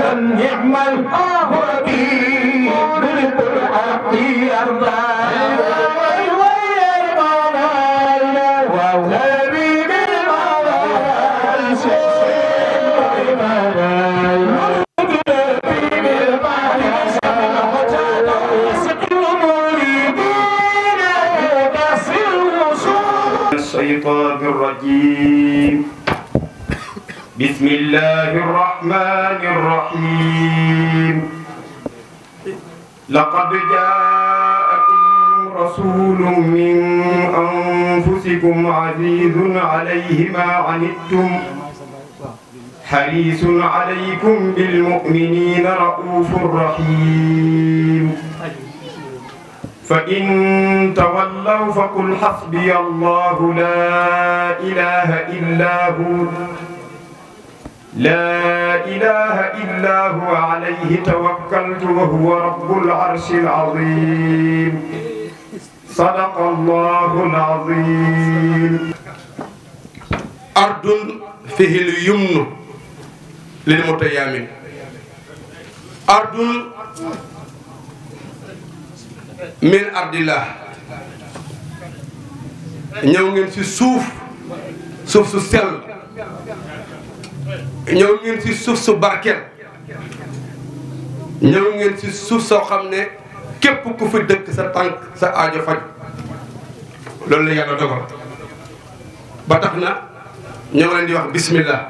كم نعم القهوة بالقرب الحق يرضى الشيطان الرجيم بسم الله الرحمن الرحيم لقد جاءكم رسول من أنفسكم عزيز عليه ما عنتم حريص عليكم بالمؤمنين رؤوف رحيم فإن تولوا فقل حسبي الله لا إله إلا هو لا إله إلا هو عليه توكلت وهو رب العرش العظيم صدق الله العظيم أرض فيه اليمن للمتيامن أرض من أرض الله ñew في سوف سوف سوف ñëw ngeen ci suuf su barkeel ñëw ngeen ci suuf soo xam ne képp ku fi dëkk sa tànk sa aajo faj loolu la yàlla dogal ba tax na ñoo leen di wax bismillah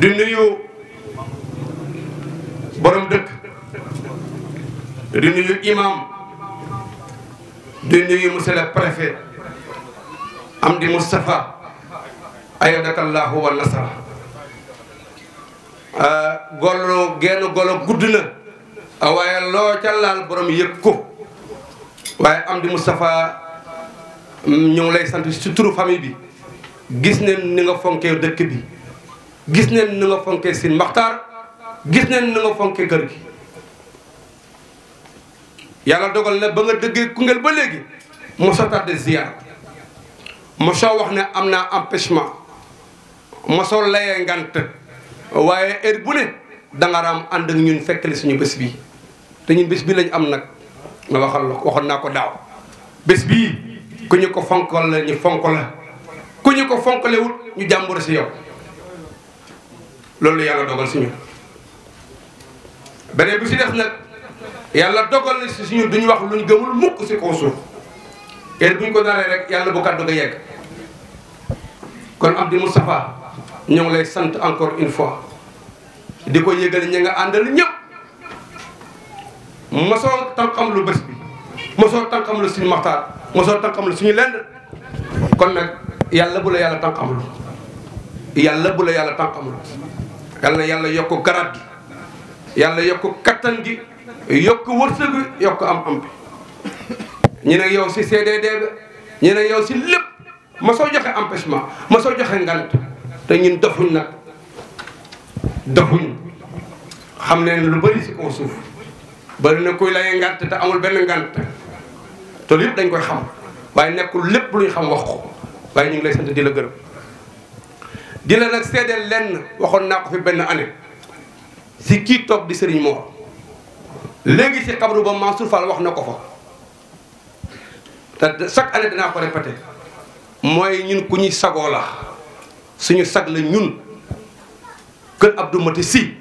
di nuyu borom dëkk di nuyu imam di nuyu monsieur le am di Moustapha ayadakallahu wa nasra ah, golo genn golo gudd na ah, waaye loo ca laal borom yëg ko waaye Amdi Moustapha mm, ñu ngi lay sant ci turu famille bi gis neen ni nga fonkee dëkk bi gis neen ni nga fonkee sin maxtaar gis neen ni nga fonkee kër gi yàlla dogal na ba nga dëggee Koungheul ba léegi mosoo tardé ziar mosoo wax ne am naa empêchement mosoo layee ngant waaye heure bu ne danga raam ànd ak ñun fekkale suñu bés bi te ñun bés bi lañ am nag nga waxal waxoon naa ko daaw bés bii ku ñu ko fonkal la ñu fonk ko fonkalewul ñu jàmbur si yow loolu yàlla dogal si ñun beneen bi si def nag yàlla dogal na si suñu duñu wax luñ gëmul mukk si kaw suuf heure bu ñu ko dalee rek yàlla bu kàddu ga yegg kon Amdi Moustapha ñoo ngi lay sant encore une fois di ko yëgal ñi nga àndal ñëpp mosoo tànqam lu bés bi mosoo tànqam lu suñu maxtaar mosoo tànqam lu suñu lenn kon nag yàlla bu la yàlla tànqam lu yàlla bu la yàlla tànqam lu yàlla na yàlla yokk garab gi yàlla yokk kattan gi yokk wërsëg gi yokk am-am bi ñu ne yow si CDD ba ñu ne yow si lépp mosoo joxe empêchement mosoo joxe ngant te ñun dofuñ nag dofuñ xam ne lu bari si kaw suuf bëri na kuy layee ngant te amul benn ngant te lépp dañ koy xam waaye nekkul lépp luñ xam wax ko waaye ñu ngi lay sant di la gërëm di la nag seedeel lenn waxoon naa ko fi benn année si kii toog di sëriñ Mor léegi si xabru ba Mansour Fall wax na ko fa te chaque année danaa ko répété mooy ñun ku ñuy sagoo la suñu sag la ñun kër Abdou Mati si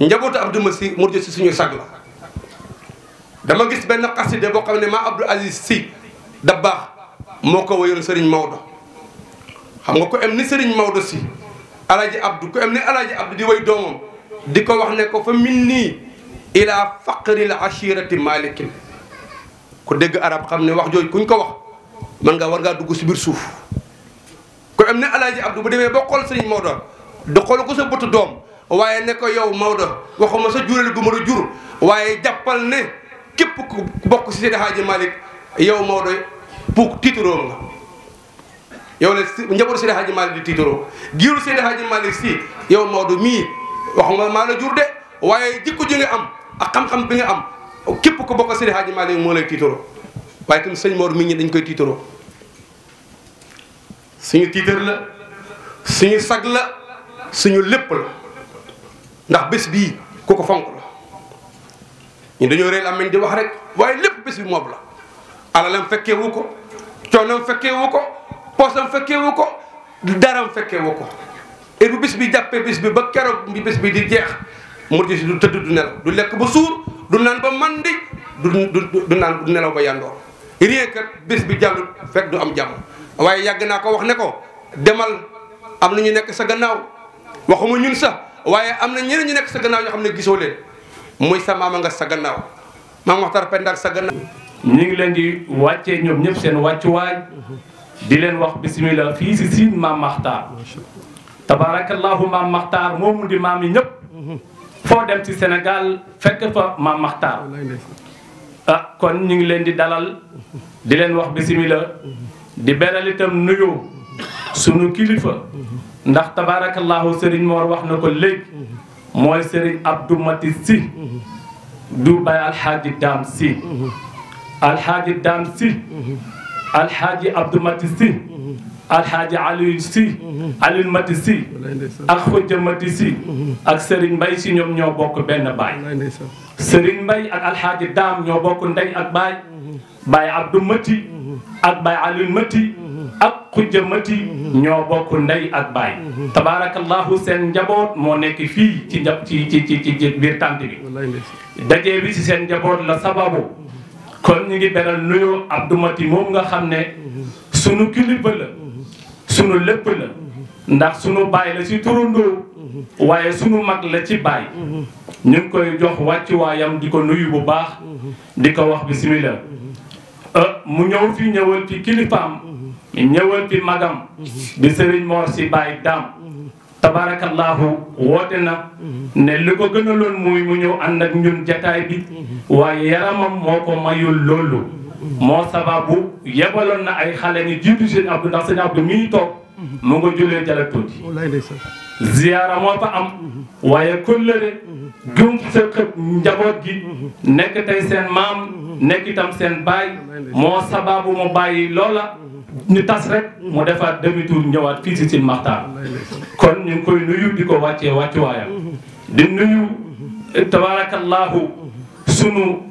njabootu Abdou Mati si murjë si suñu sag la dama gis benn xaside boo xam ne maa Abdou Aziz si da baax moo ko wayoon Serigne Maodo xam nga ko am ni Serigne Maodo si alaaji Abdou ko am ni alaaji Abdou di way doomam di ko wax ne ko fa min nii ila faqril ashirati malikin ku dégg arab xam ne wax jooju kuñ ko wax mën nga war ngaa dugg si biir suuf kon am na alaaji Abdou bu demee ba xool sëriñ Maodo da xool ko sa bëtu doom waaye ne ko yow Maodo waxuma sa jureel gu ma jur waaye jàppal ne képp ku bokk si Seydi Hadji Malick yow Maodo pour tiituroo nga yow la njabootu Seydi Hadji Malick di tiituroo giiru Seydi si yow Maodo mii waxuma maa la jur waaye jikko ji am ak xam-xam bi nga ku bokk Seydi Hadji Malick moo lay tiituroo waaye tamit sëñ Maodo mii ñi dañ koy tiituroo suñu tiitar la suñu sag la suñu lépp la ndax bés bii ku ko fonk la ñu dañoo réel am nañ di wax rek waaye lépp bés bi moob la alalam fekkee wu ko coonam fekkee wu ko poosam fekkee wu ko daram fekkee wu ko et bu bés bi jàppee bis bi ba keroog bi bés bi di jeex murti si du tëdd du nelaw du lekk ba suur du naan ba man du du du naan du nelaw ba yandoor rien que bés bi jàllut fekk du am jàmm waaye yàgg naa ko wax ne ko demal am na ñu nekk sa gannaaw waxuma ñun sax waaye am na ñeneen ñu nekk sa gannaaw ñoo xam ne gisoo leen muy sa maama nga sa gannaaw maam waxtar pendaak sa gannaaw ñu ngi leen di wàccee ñoom ñëpp seen wàccuwaay di leen wax bisimilah fii si siin maam maxtaar tabarakallahu maam maxtaar moomu di maam yi ñëpp foo dem ci senegal fekk fa maam maxtaar ah kon ñu ngi leen di dalal di leen wax bisimilah di beral itam nuyoo sunu kilifa ndax tabaarakallaahu Serigne mo wax nako leg moy Serigne Abdou Mati si du bay alxaaji Daam si alxaaji Daam si alxaaji Abdou Mati si alxaaji Aliou si Aliou Mati si ak Xujja Mati si ak Serigne Mbay si ñoom ñoo bokk benn baay Serigne Mbay ak alxaaji Daam ñoo bokk ndey ak Abdou ak baay alin mati ak xujja mati ñoo bokk ndey ak baay tabaarakallahu seen njaboot moo nekk fii ci njab ci ci ci ci biir tànt bi dajee bi ci seen njaboot la sababu kon ñu ngi beral nuyoo Abdou Mati moom nga xam ne suñu kilifa la sunu lépp la ndax sunu baay la ci turandoo waaye sunu mag la ci baay ñu ngi koy jox wàccuwaayam di ko nuyu bu baax di ko wax bismillah Euh, mu ñëw fi ñëwal fi kilifaam ñëwal fi magam di sëriñ Mor si Baye Dame tabarakallahu woote na ne li ko gënaloon muy mu ñëw ànd ak ñun jataay bi waaye yaramam moo ko mayul loolu moo sababu yebaloon na ay xale ni jiitu sëñ Abdou ndax sëñ Abdou mi ngi toog mu nga jullee jalak tuuti ziyaara moo fa am waaye kóllëre gum sa xëb njaboot gi nekk seen maam nekk itam seen baay moo sababu mu bàyyi loola ñu tas rek mu defaat demi tour ñëwaat fii si Sine Makhtar kon ñu koy nuyu di ko wàccee wàccuwaayam di nuyu tabarakallahu sunu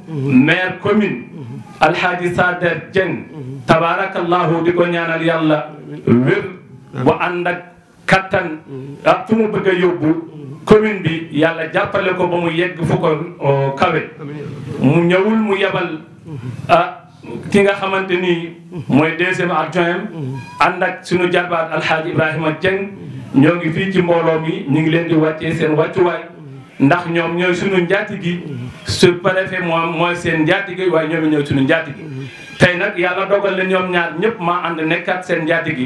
maire commune alhaaji Sader Dieng tabarakallahu di ko ñaanal yàlla wér bu ànd ak kattan ah fu mu bëgg a yóbbu commune bi yàlla jàppale ko ba mu yegg fu ko kawe mu ñëwul mu yebal ah ki nga xamante ni mooy deuxième adjoint ànd ak suñu jarbaat alxaaji Ibrahima Dieng ñoo ngi fii ci mbooloo mi ñu ngi leen di wàccee seen wàccuwaay ndax ñoom ñooy suñu njaati gi su préfet moom mooy seen njaati gi waaye ñoom ñooy suñu njaati gi tey nag yàlla dogal la ñoom ñaar ñëpp maa ànd nekkaat seen njaati gi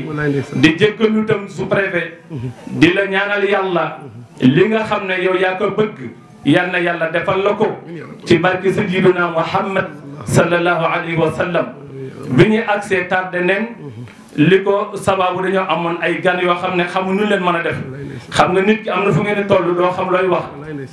di jéggalu tam su préfet mm-hmm. di la ñaanal yàlla mm-hmm. li nga xam ne yow yaa ko bëgg yal na yàlla defal la ko ci barki sayyidina Muhammad sallallahu alayhi wa sallam bi ñu agsee tardé nen mm-hmm. li ko sababu dañoo amoon ay gan yoo xam ne xamuñu leen mën a def xam nga nit ki am na fu ngeen toll doo xam looy wax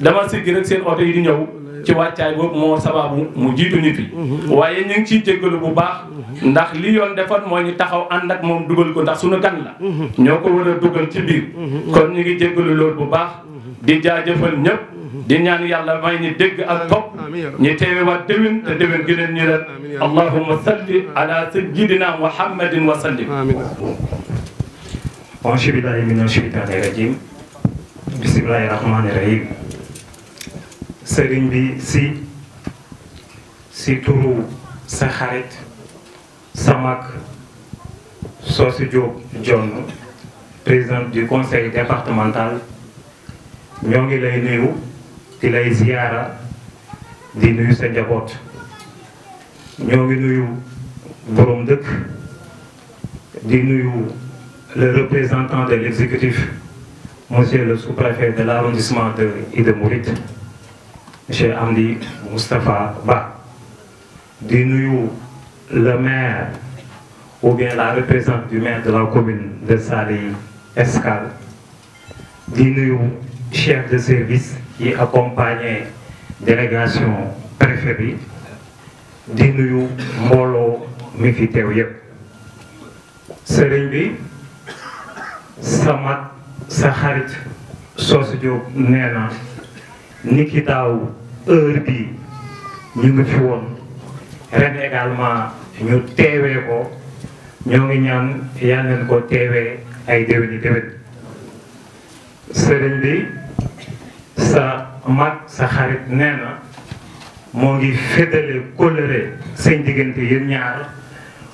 dama siggi rek seen oto yi di ñëw ci wàccaay boobu moo sababu mu jiitu nit yi waaye ñu ngi ciy jéggalu bu baax ndax li yoon defoon moo ñu taxaw ànd ak moom dugal ko ndax suñu gan la ñoo ko war a duggal ci biir kon ñu ngi jéggalu loolu bu baax di jaajëfal ñëpp di ñaan yàlla may ñu dégg ak topp ñu teewewaat déwén te déwén gënal ñu leen allahumma salli ala sayyidina muhammadin wa sallim auzu billahi mina shaytaani rajim bismillahi rahmaani rahim sëriñ bi si si turu sa xarit sa mag Socé Diop Dione président du conseil départemental ñoo ngi lay nuyu Il lay ici di nuyu sa njaboot ñoo ngi nuyu borom di nuyu le représentant de l'exécutif monsieur le sous-préfet de l'arrondissement de Idemurit, M. monsieur Amdi Moustapha Ba di nuyu le maire ou bien la représentante du maire de la commune de Saly Escal, di nuyu chef de service yi accompagner délégation préfet bi di mbooloo mi fi teew yëpp sëriñ bi sa sa xarit Soosu Jóob nee na ni ki daaw heure bi ñu ngi fi woon ren également ñu teewee ko ñoo ngi ñaan yal nañ ko teewee ay déwéni déwén sëriñ bi sa mag sa xarit nee moo ngi féetale kóllëre seen diggante yéen ñaar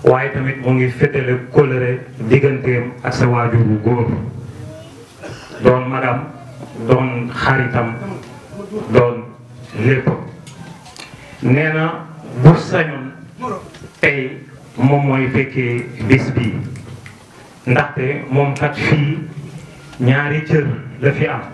waaye tamit moo ngi féetale kóllëre digganteem ak sa waajur bu góor doon magam doon xaritam doon lépp nee na bu sañoon tey moom mooy fekkee bis bi ndaxte moom kat fii ñaari cër la fi am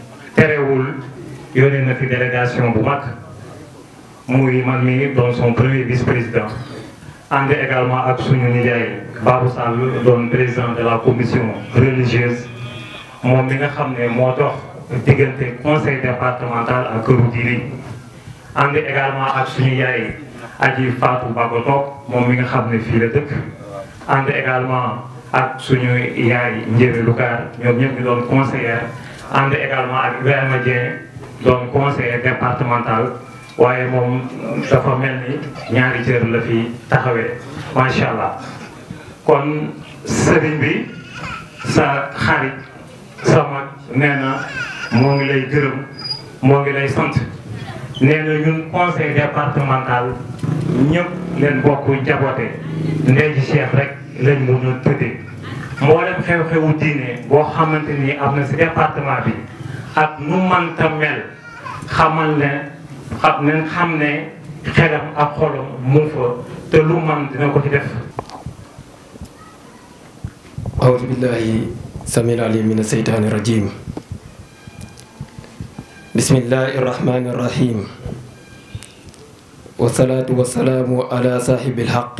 terewul yónnee na fi délégation bu mag muy man mi doon son premier vice président ànd également ak suñu nijaay Babou Sall doon président de la commission religieuse moom mi nga xam ne moo dox diggante conseil départemental ak këru diine ànd également ak suñu yaay aji Fatou Bago Toog moom mi nga xam ne fii la dëkk ànd également ak suñu yaay Njéri Lukaar ñoom ñëpp doon conseillère ànd également ak Ibrahima Dieng doon conseiller départemental waaye moom dafa mel ni ñaari cër la fi taxawee macha allah kon sëriñ bi sa xarit sa mag na moo ngi lay gërëm moo ngi lay sant nee na ñun conseil départemental ñëpp leen bokk jaboote ndey ji rek lañ mun tëddee. mboolem xew-xewu diine boo xamante ni am na si département bi ak nu mënta mel xamal ne xam ne xam ne xelam ak xolam mu fa te lu man dina ko ci def أعوذ بالله السميع العليم من الشيطان الرجيم بسم الله الرحمن الرحيم والصلاة والسلام على صاحب الحق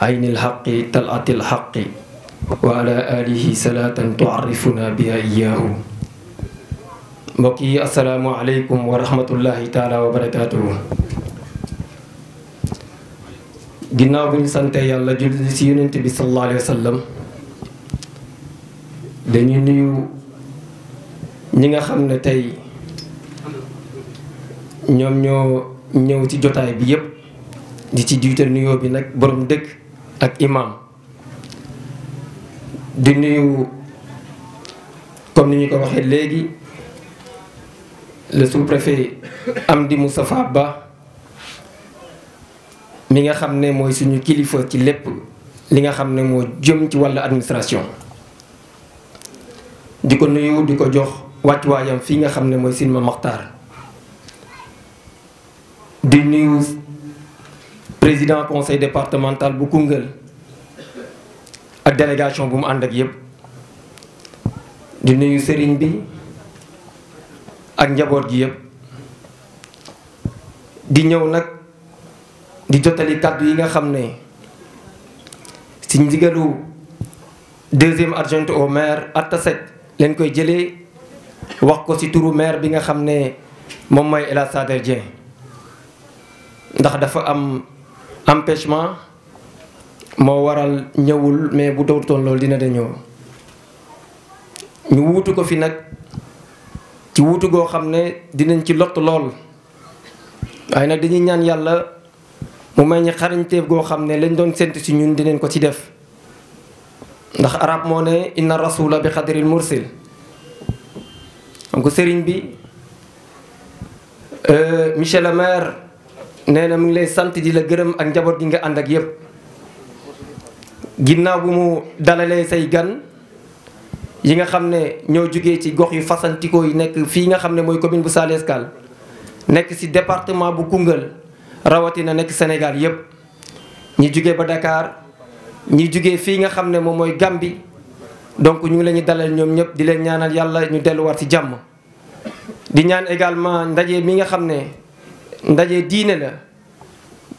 عين الحق طلعة الحق وعلى آله صلاة تعرفنا بها إياه بقي السلام عليكم ورحمة الله تعالى وبركاته جناب بن سنتي الله جلد سيونت صلى الله عليه وسلم دنيو نيو نيغا خمنا تاي نيو نيو تي جوتاي بيب دي تي ديوتال نيو بي نك اك امام di nuyu comme ni ñu ko waxee léegi le sous-préfet Amdi Moustapha Ba mi nga xam ne mooy suñu kilifa ci lépp li nga xam ne moo jëm ci wàllu administration di ko nuyu di ko jox wàccuwaayam fii nga xam ne mooy Sine Ma Maxtaar di nuyu président conseil départemental bu Koungheul ak délégation bu mu ànd ak yëpp di nuyu sëriñ bi ak njaboot gi yëpp di ñëw nag di jottali kàddu yi nga xam ne ci ndigalu deuxième argent au maire Atta Seck leen koy jële wax ko ci turu maire bi nga xam ne moom mooy El Hadj Sader ndax dafa am empêchement moo waral ñëwul mais bu dawutoon loolu dina de ñëw ñu wuutu ko fi nag ci wuutu goo xam ne dinañ ci lott lool waaye nag dañuy ñaan yàlla mu may ñi xarañteef goo xam ne lañ doon séntu ci ñun dinañ ko ci def ndax arab moo ne inna rasula bi xadiril mursil donc sëriñ bi euh, monsieur le maire nee na mu ngi lay sant di la gërëm ak njaboot gi nga ànd ak yépp ginnaw bu mu dalale say gan yi nga xamne ne ñoo jugee ci gox yu fasantikoo yi nek fi nga xamne ne commune bu Saly si nekk ci département bu Koungheul na nek Sénégal yépp ñi jugee ba Dakar ñi jugee fi nga xamne ne moy mooy Gambie donc ñu lañu dalal ñom ñep di leen ñaanal Yalla ñu wat ci jamm di ñaan également ndaje mi nga xamne ne ndaje diine la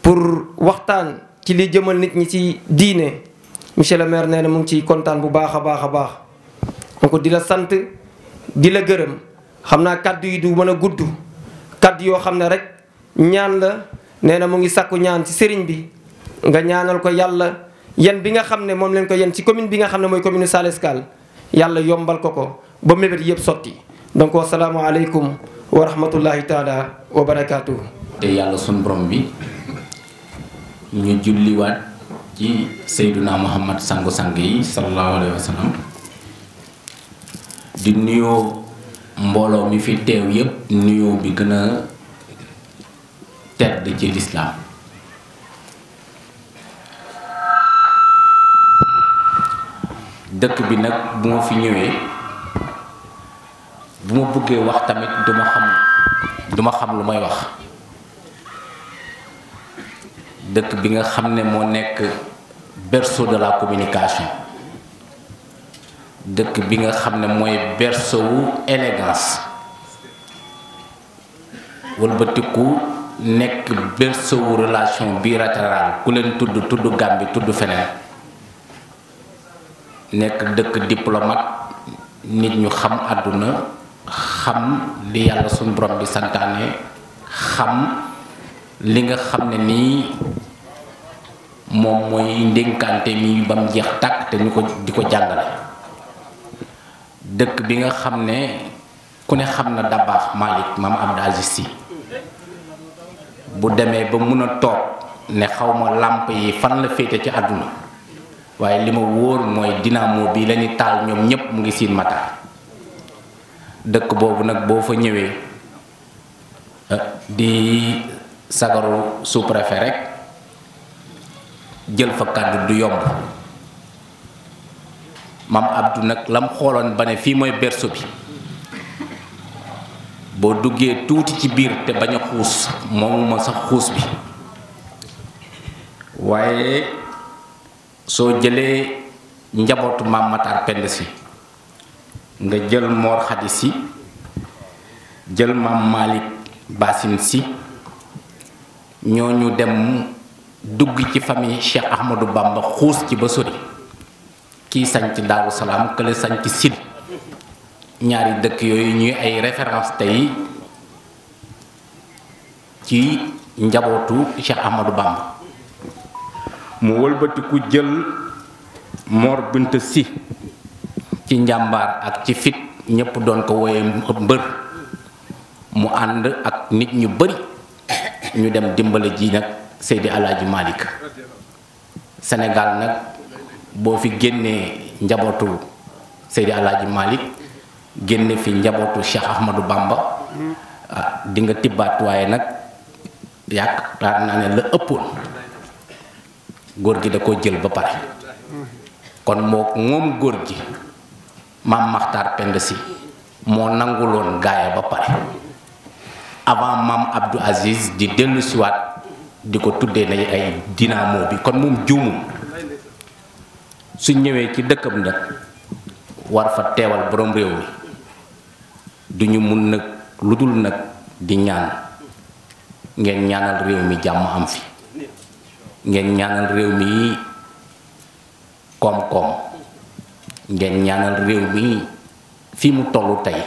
pour waxtaan ci li jëmal nit ñi ci diine monsieur le maire nee na mu ngi ciy kontaan bu baax a baax a baax donc di la sant di la gërëm xam naa kaddu yi du mën a gudd kàdd yoo xam ne rek ñaan la nee na mu ngi sakku ñaan ci sëriñ bi nga ñaanal ko yàlla yan bi nga xam ne moom leen ko yenn ci commune bi nga xam ne mooy commune Saly Escale yàlla yombal ko ko ba mébét yëpp sotti donc wasalaamualeykum wa rahmatullahi taala wa barakaatu. te yàlla sunu borom bi ñu julliwaat. ci sayyiduna muhammad sangu sangi sallallahu alaihi wasallam di nuyo mbolo mi fi tew yeb nuyo bi gëna tedd ci l'islam dekk bi nak bu mo fi ñëwé bu mo bëggé wax tamit duma xam duma xam lu may wax dekk bi nga xamne mo nek berceau de la communication deuk bi nga xamne ne mooy berceau wu élégance wëlbatiku nek berceau wu relation bilatérale ku tudu tudd tudd gambi tudd fenen nek deuk diplomate nit ñu xam aduna xam li yalla sun borom bi santane xam li nga xamne ne mom moy ndénkante mi bam jeex tak te ñuko ko di ko bi nga xam ne ku ne xamna na dabaax malik mam Abdou Aziz Sy bu demee ba mëna tok ne xaw ma yi fan la féete ci aduna waye lima woor moy dinamo dynamo bi lañu tal ñom ñep mu ngi seen mata dekk bobu nak bo fa eh, di sagaru sous-préfet jël fa kaddu du yomb mam Abdou nak lam xolon bané fi moy berso bi bo duggé touti ci bir te baña a momuma sax xuus bi waaye so jëlé njabootu mam Matar Pend si nga jël Mor hadisi, si jël mam malik Basin si ñoñu dem dugg ci famille Cheikh Ahmadou Bamba khous ci ba sori ki sañ ci daru salam kële sañ ci sid ñaari dekk yoy ñuy ay référence tay ci njabootu Cheikh Ahmadou Bamba mu ku jël Mor Binta si ci njambar ak ci fit ñepp doon ko woyé mbeur mu and ak nit ñu bari ñu dem dimbalé ji nak Seydi Alaaji Malik senegal nak bo fi genné njabotu Seydi Alaaji Malik genné fi njabotu Cheikh Ahmadou Bamba ah, di nga tibbaat waaye nag yaakaar le ne le ëppoon gor gi da ko jël ba pare kon moo ngom gor gi mam makhtar Pend mo nangulon gaaya ba pare avant mam Abdou Aziz di wat di ko tuddee nañu ay dynamo bi kon moom juumul su ñëwee ci dëkkam nag war fa teewal borom réew mi du ñu mun nag lu dul nag di ñaan ngeen ñaanal réew mi jàmm am fi ngeen ñaanal réew mi koom-koom ngeen ñaanal réew mi fi mu tollu tey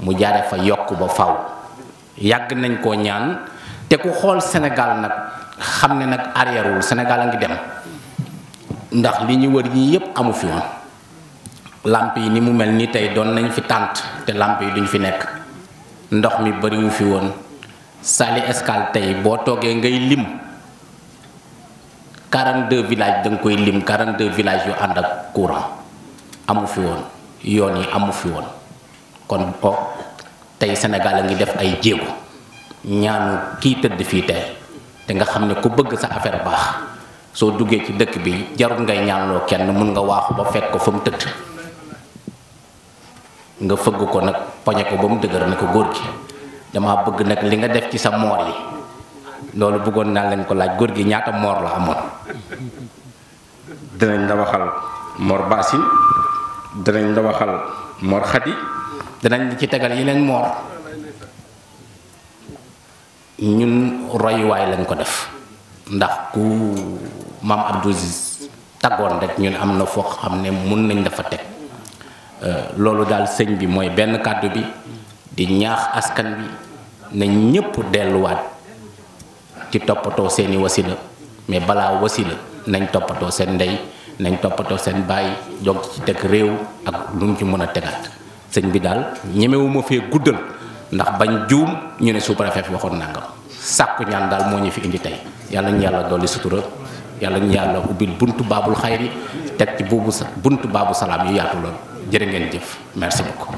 mu jaare fa yokk ba faw yàgg nañ koo ñaan te ku xool Sénégal nag xam ne nag arrière wul Sénégal a ngi dem ndax li ñu wër yii yépp amu fi woon làmp yi ni mu mel ni tey doon nañ fi tànt te làmp yi duñ fi nekk ndox mi bariwu fi woon Saly Escale tey boo toogee ngay lim 42 villages da nga koy lim 42 villages yu ànd ak courant amu fi woon yoon yi amu fi woon kon o tey Sénégal a ngi def ay jéego ñaanu ki tëdd fi tey te nga xam ku bëgg sa affaire baax so duggé ci dëkk bi jarul ngay ñaanloo kenn mën nga waaxu ba fekk ko fa mu tëdd nga fëgg ko nak pañé ko ba dëgër ne ko gi dama bëgg nak li nga def ci sa mor yi lolu bëggon na lañ ko laaj góor gi ñaata mor la amoon dinañ la waxal mor baasin dinañ la waxal mor khadi dinañ ci tégal yeneen mor ñun royuwaay lañ ko def ndax ku maam Abdou Aziz taggoon rek ñun am na foo xam ne mun nañ dafa teg euh, loolu daal sëñ bi mooy benn kàddu bi di ñaax askan bi na ñépp delluwaat ci toppatoo seeni wasila mais balaa wasila nañ toppatoo seen ndey nañ toppatoo seen bàyyi jog ci teg réew ak lu mu ci mën a tegaat sëñ bi daal ñemewuma fee guddal ndax bañ juum ñu ne sous-préfet waxoon nangam sàkku ñaan daal moo ñu fi indi tey yàlla ñu yàlla dolli sutura yàlla ñu yàlla ubbil buntu baabul xayri teg ci boobu sa buntu baabu salaam yu yaatu lool jërë ngeen jëf merci beaucoup.